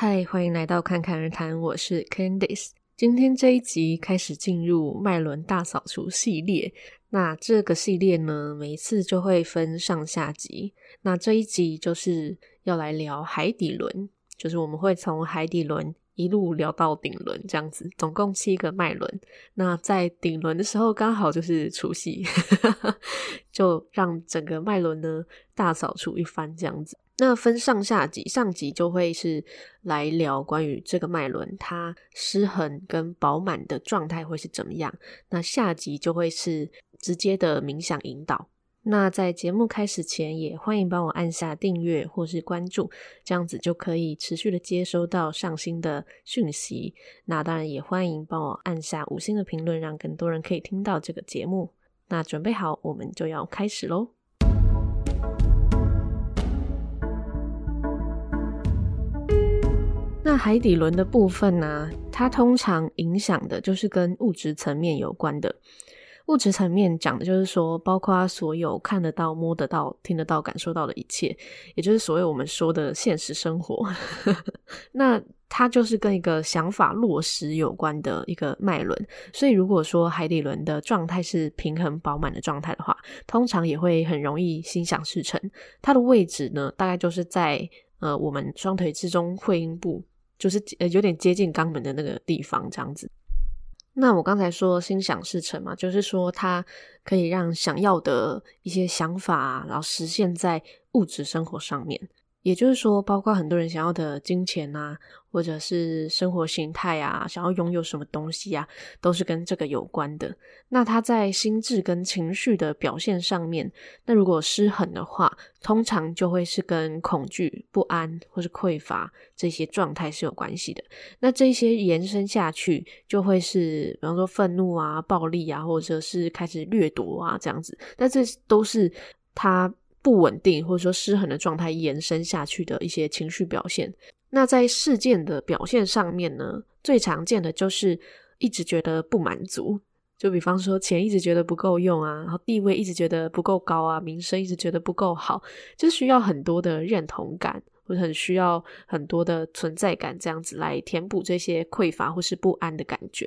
嗨，Hi, 歡迎來到《侃侃而談》，我是 Candice。今天這一集開始進入脈輪大掃除系列。那這個系列呢，每一次就會分上下集。那這一集就是要來聊海底輪，就是我們會從海底輪一路聊到頂輪，這樣子，總共七個脈輪。那在頂輪的時候，剛好就是除夕， 就讓整個脈輪呢大掃除一番，這樣子。那分上下集，上集就會是來聊關於這個脈輪它失衡跟飽滿的狀態會是怎麼樣，那下集就會是直接的冥想引導。那在節目開始前，也歡迎幫我按下訂閱或是關注，這樣子就可以持續的接收到上新的訊息。那當然也歡迎幫我按下五星的評論，讓更多人可以聽到這個節目。那準備好，我們就要開始嘍。那海底輪的部分呢、啊？它通常影響的就是跟物質層面有關的。物質層面講的就是說，包括所有看得到、摸得到、聽得到、感受到的一切，也就是所謂我們說的現實生活。 那它就是跟一個想法落實有關的一個脈輪。所以，如果說海底輪的狀態是平衡、飽滿的狀態的話，通常也會很容易心想事成。它的位置呢，大概就是在呃我們雙腿之中會陰部。就是呃，有點接近肛門的那個地方，這樣子。那我剛才說心想事成嘛，就是說它可以讓想要的一些想法，然後實現在物質生活上面。也就是說，包括很多人想要的金錢啊，或者是生活形態啊，想要擁有什麼東西啊，都是跟這個有關的。那他在心智跟情緒的表現上面，那如果失衡的話，通常就會是跟恐懼、不安或是匱乏這些狀態是有關係的。那這些延伸下去，就會是比方說憤怒啊、暴力啊，或者是開始掠奪啊這樣子。那這都是他。不穩定或者說失衡的狀態延伸下去的一些情緒表現。那在事件的表現上面呢，最常見的就是一直覺得不滿足，就比方說，錢一直覺得不夠用啊，然後地位一直覺得不夠高啊，名聲一直覺得不夠好，就需要很多的認同感，或者很需要很多的存在感，這樣子來填補這些匱乏或是不安的感覺。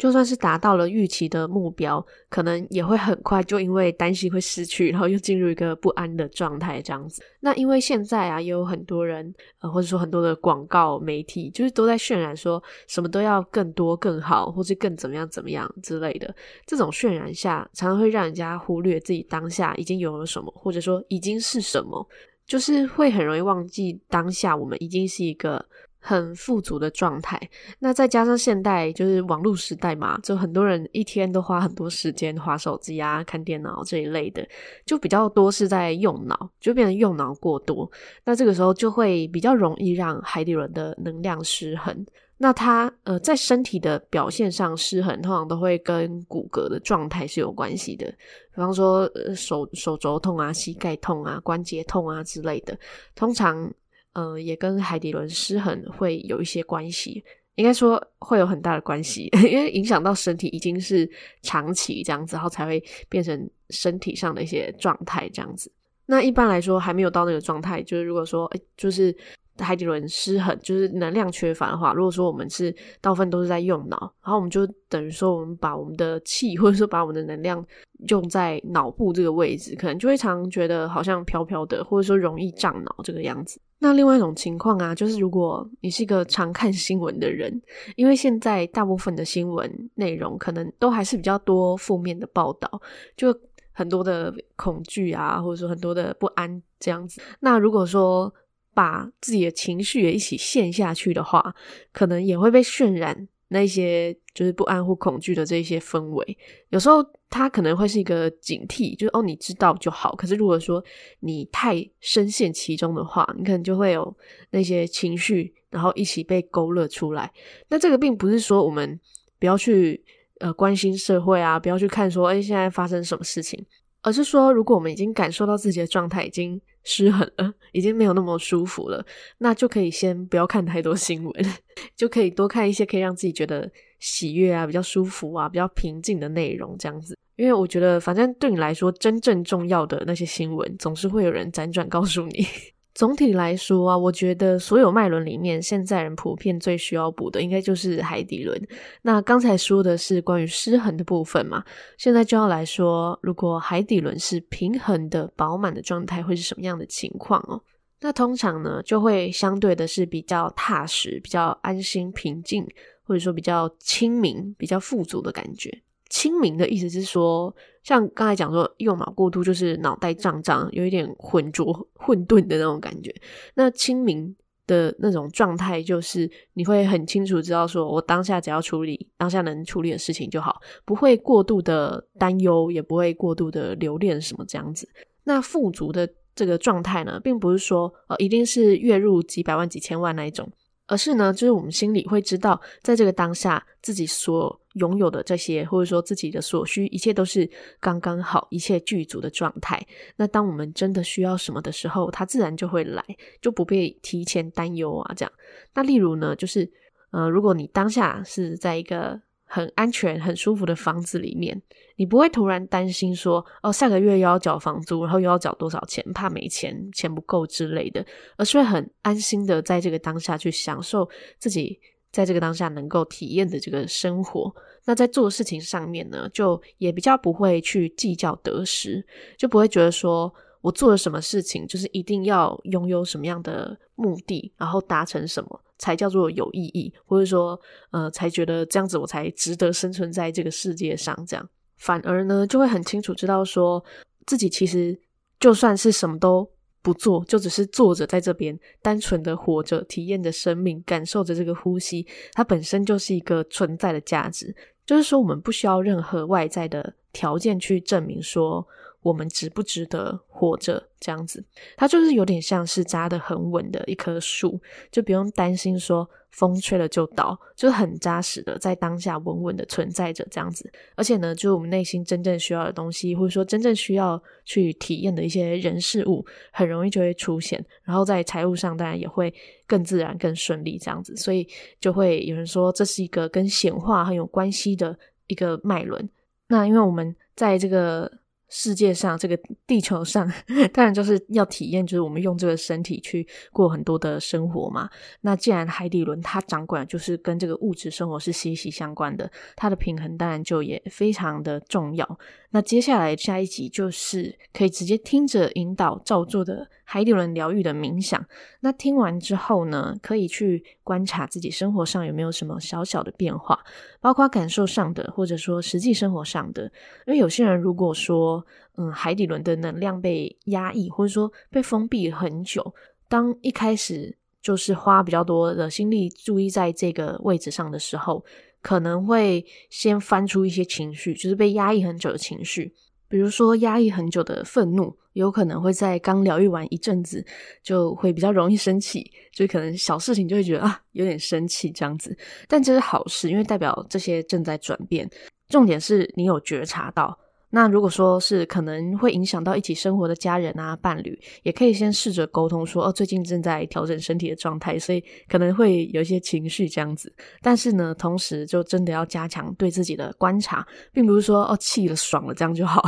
就算是達到了預期的目標，可能也會很快就因為擔心會失去，然後又進入一個不安的狀態這樣子。那因為現在啊，也有很多人，呃、或者說很多的廣告媒體，就是都在渲染說什麼都要更多、更好，或是更怎麼樣、怎麼樣之類的。這種渲染下，常常會讓人家忽略自己當下已經有了什麼，或者說已經是什麼，就是會很容易忘記當下我們已經是一個。很富足的狀態，那再加上現代就是網絡時代嘛，就很多人一天都花很多時間滑手機啊、看電腦這一類的，就比較多是在用腦，就變成用腦過多。那這個時候就會比較容易讓海底輪的能量失衡。那它、呃，在身體的表現上失衡，通常都會跟骨骼的狀態是有關係的，比方說、呃、手、手肘痛啊、膝蓋痛啊、關節痛啊之類的，通常。嗯、呃，也跟海底輪失衡會有一些關係，應該說會有很大的關係，因為影響到身體已經是長期這樣子，然後才會變成身體上的一些狀態這樣子。那一般來說還沒有到那個狀態，就是如果說，欸、就是。海底輪失衡，就是能量缺乏的話，如果說我們是大部分都是在用腦，然後我們就等於說我們把我們的氣或者說把我們的能量用在腦部這個位置，可能就會常覺得好像飄飄的，或者說容易脹腦這個樣子。那另外一種情況啊，就是如果你是一個常看新聞的人，因為現在大部分的新聞內容可能都還是比較多負面的報道，就很多的恐懼啊，或者說很多的不安這樣子。那如果說，把自己的情緒也一起陷下去的話，可能也會被渲染那些就是不安或恐懼的這些氛圍。有時候它可能會是一個警惕，就是哦，你知道就好。可是如果說你太深陷其中的話，你可能就會有那些情緒，然後一起被勾勒出來。那這個並不是說我們不要去呃關心社會啊，不要去看說哎現在發生什麼事情。而是說，如果我們已經感受到自己的狀態已經失衡了，已經沒有那麼舒服了，那就可以先不要看太多新聞，就可以多看一些可以讓自己覺得喜悅啊、比較舒服啊、比較平靜的內容，這樣子。因為我覺得，反正對你來說，真正重要的那些新聞，總是會有人輾轉告訴你。總體來說啊，我覺得所有脈輪裡面，現在人普遍最需要補的，應該就是海底輪。那剛才說的是關於失衡的部分嘛，現在就要來說，如果海底輪是平衡的、飽滿的狀態，會是什麼樣的情況哦？那通常呢，就會相對的是比較踏實、比較安心、平靜，或者說比較清明、比較富足的感覺。清明的意思是說，像剛才講說用腦過度就是腦袋脹脹，有一點渾濁混沌的那種感覺。那清明的那種狀態，就是你會很清楚知道說，說我當下只要處理當下能處理的事情就好，不會過度的擔憂，也不會過度的留戀什麼這樣子。那富足的這個狀態呢，並不是說呃一定是月入幾百萬、幾千萬那一種。而是呢，就是我們心裡會知道，在這個當下，自己所擁有的這些，或者說自己的所需，一切都是剛剛好，一切具足的狀態。那當我們真的需要什麼的時候，它自然就會來，就不必提前擔憂啊，這樣。那例如呢，就是，呃，如果你當下是在一個。很安全、很舒服的房子裡面，你不會突然擔心說：“哦，下個月又要繳房租，然後又要繳多少錢，怕沒錢、錢不夠之類的。”而是會很安心的在這個當下去享受自己在這個當下能夠體驗的這個生活。那在做事情上面呢，就也比較不會去計較得失，就不會覺得說我做了什麼事情，就是一定要擁有什麼樣的目的，然後達成什麼。才叫做有意義，或者說，呃，才覺得這樣子我才值得生存在這個世界上。這樣反而呢，就會很清楚知道說，自己其實就算是什麼都不做，就只是坐着在這邊，單純的活着，體驗着生命，感受着這個呼吸，它本身就是一個存在的價值。就是說，我們不需要任何外在的條件去證明說，我們值不值得活着？這樣子，它就是有點像是扎得很穩的一棵樹，就不用擔心說風吹了就倒，就很扎實的在當下穩穩的存在着這樣子。而且呢，就是我們內心真正需要的東西，或者說真正需要去體驗的一些人事物，很容易就會出現。然後在財務上，當然也會更自然、更順利這樣子。所以就會有人說，這是一個跟顯化很有關係的一個脈輪。那因為我們在這個世界上這個地球上，當然就是要體驗，就是我們用這個身體去過很多的生活嘛。那既然海底輪它掌管，就是跟這個物質生活是息息相關的，它的平衡當然就也非常的重要。那接下來下一集就是可以直接聽着引導照做的。海底輪療癒的冥想，那聽完之後呢，可以去觀察自己生活上有沒有什麼小小的變化，包括感受上的，或者說實際生活上的。因為有些人如果說，嗯，海底輪的能量被壓抑，或者說被封閉很久，當一開始就是花比較多的心力注意在這個位置上的時候，可能會先翻出一些情緒，就是被壓抑很久的情緒。比如說，壓抑很久的憤怒，有可能會在剛療癒完一陣子，就會比較容易生氣，所以可能小事情就會覺得啊，有點生氣這樣子。但這是好事，因為代表這些正在轉變。重點是你有覺察到。那如果說是可能會影響到一起生活的家人啊、伴侶，也可以先試着溝通說，哦，最近正在調整身體的狀態，所以可能會有一些情緒這樣子。但是呢，同時就真的要加強對自己的觀察，並不是說哦氣了、爽了這樣就好，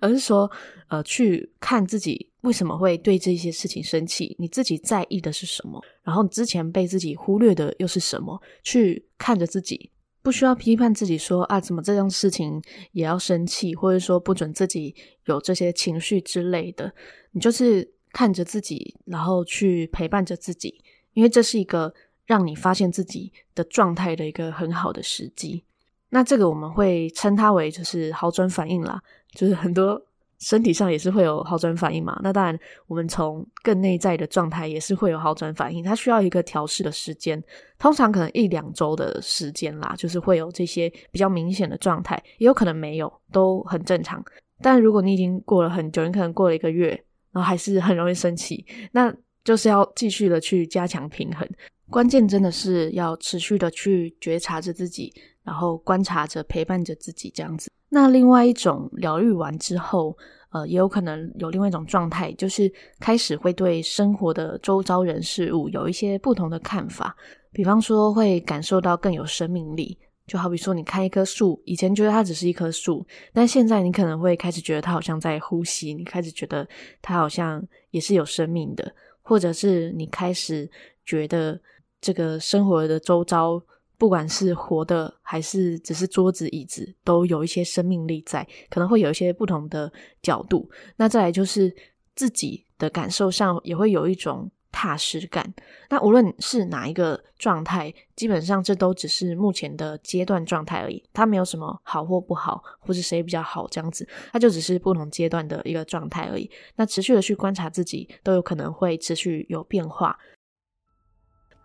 而是說，呃，去看自己為什麼會對這些事情生氣，你自己在意的是什麼，然後之前被自己忽略的又是什麼，去看着自己。不需要批判自己說，啊，怎麼這件事情也要生氣？或者說不准自己有這些情緒之類的。你就是看着自己，然後去陪伴着自己，因為這是一個讓你發現自己的狀態的一個很好的時機。那這個我們會稱它為就是好轉反應啦，就是很多。身體上也是會有好轉反應嘛，那當然，我們從更內在的狀態也是會有好轉反應。它需要一個調試的時間，通常可能一兩周的時間啦，就是會有這些比較明顯的狀態，也有可能沒有，都很正常。但如果你已經過了很久，你可能過了一個月，然後還是很容易生氣，那就是要繼續的去加強平衡。關鍵真的是要持續的去覺察着自己，然後觀察着陪伴着自己這樣子。那另外一種療癒完之後，呃，也有可能有另外一種狀態，就是開始會對生活的周遭人事物有一些不同的看法。比方說，會感受到更有生命力。就好比說，你看一棵樹，以前覺得它只是一棵樹，但現在你可能會開始覺得它好像在呼吸，你開始覺得它好像也是有生命的，或者是你開始覺得這個生活的周遭。不管是活的還是只是桌子椅子，都有一些生命力在，可能會有一些不同的角度。那再來就是自己的感受上也會有一種踏實感。那無論是哪一個狀態，基本上這都只是目前的階段狀態而已。它沒有什麼好或不好，或是誰比較好這樣子，它就只是不同階段的一個狀態而已。那持續的去觀察自己，都有可能會持續有變化。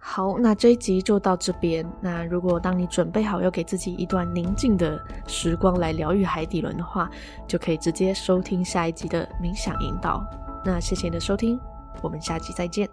好，那這一集就到這邊。那如果當你準備好要給自己一段寧靜的時光來療癒海底輪的話，就可以直接收聽下一集的冥想引導。那謝謝你的收聽，我們下集再見。